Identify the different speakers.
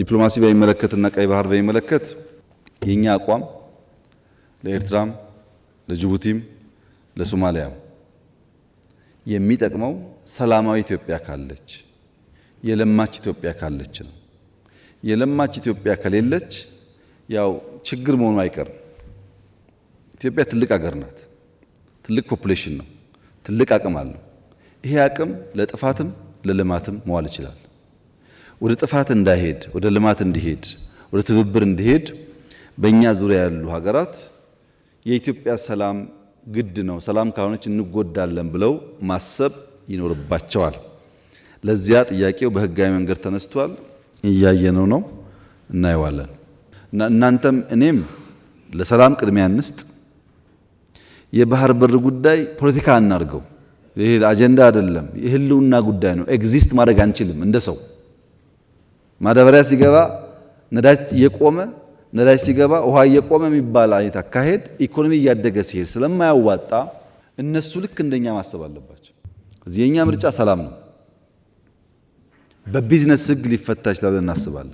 Speaker 1: ዲፕሎማሲ በሚመለከትና ቀይ ባህር በሚመለከት የኛ አቋም ለኤርትራም ለጅቡቲም ለሶማሊያም የሚጠቅመው ሰላማዊ ኢትዮጵያ ካለች የለማች ኢትዮጵያ ካለች ነው። የለማች ኢትዮጵያ ከሌለች ያው ችግር መሆኑ አይቀርም። ኢትዮጵያ ትልቅ ሀገር ናት። ትልቅ ፖፑሌሽን ነው። ትልቅ አቅም አለው። ይሄ አቅም ለጥፋትም ለልማትም መዋል ይችላል። ወደ ጥፋት እንዳይሄድ፣ ወደ ልማት እንዲሄድ፣ ወደ ትብብር እንዲሄድ በእኛ ዙሪያ ያሉ ሀገራት የኢትዮጵያ ሰላም ግድ ነው፣ ሰላም ካልሆነች እንጎዳለን ብለው ማሰብ ይኖርባቸዋል። ለዚያ ጥያቄው በህጋዊ መንገድ ተነስቷል። እያየነው ነው፣ እናየዋለን። እናንተም እኔም ለሰላም ቅድሚያ እንስጥ። የባህር በር ጉዳይ ፖለቲካ አናርገው። ይሄ አጀንዳ አይደለም፣ የህልውና ጉዳይ ነው። ኤግዚስት ማድረግ አንችልም እንደ ሰው ማዳበሪያ ሲገባ ነዳጅ እየቆመ ነዳጅ ሲገባ ውሃ እየቆመ የሚባል አይነት አካሄድ ኢኮኖሚ እያደገ ሲሄድ ስለማያዋጣ እነሱ ልክ እንደኛ ማሰብ አለባቸው። እዚህ የኛ ምርጫ ሰላም ነው። በቢዝነስ ህግ ሊፈታ ይችላል እናስባለን።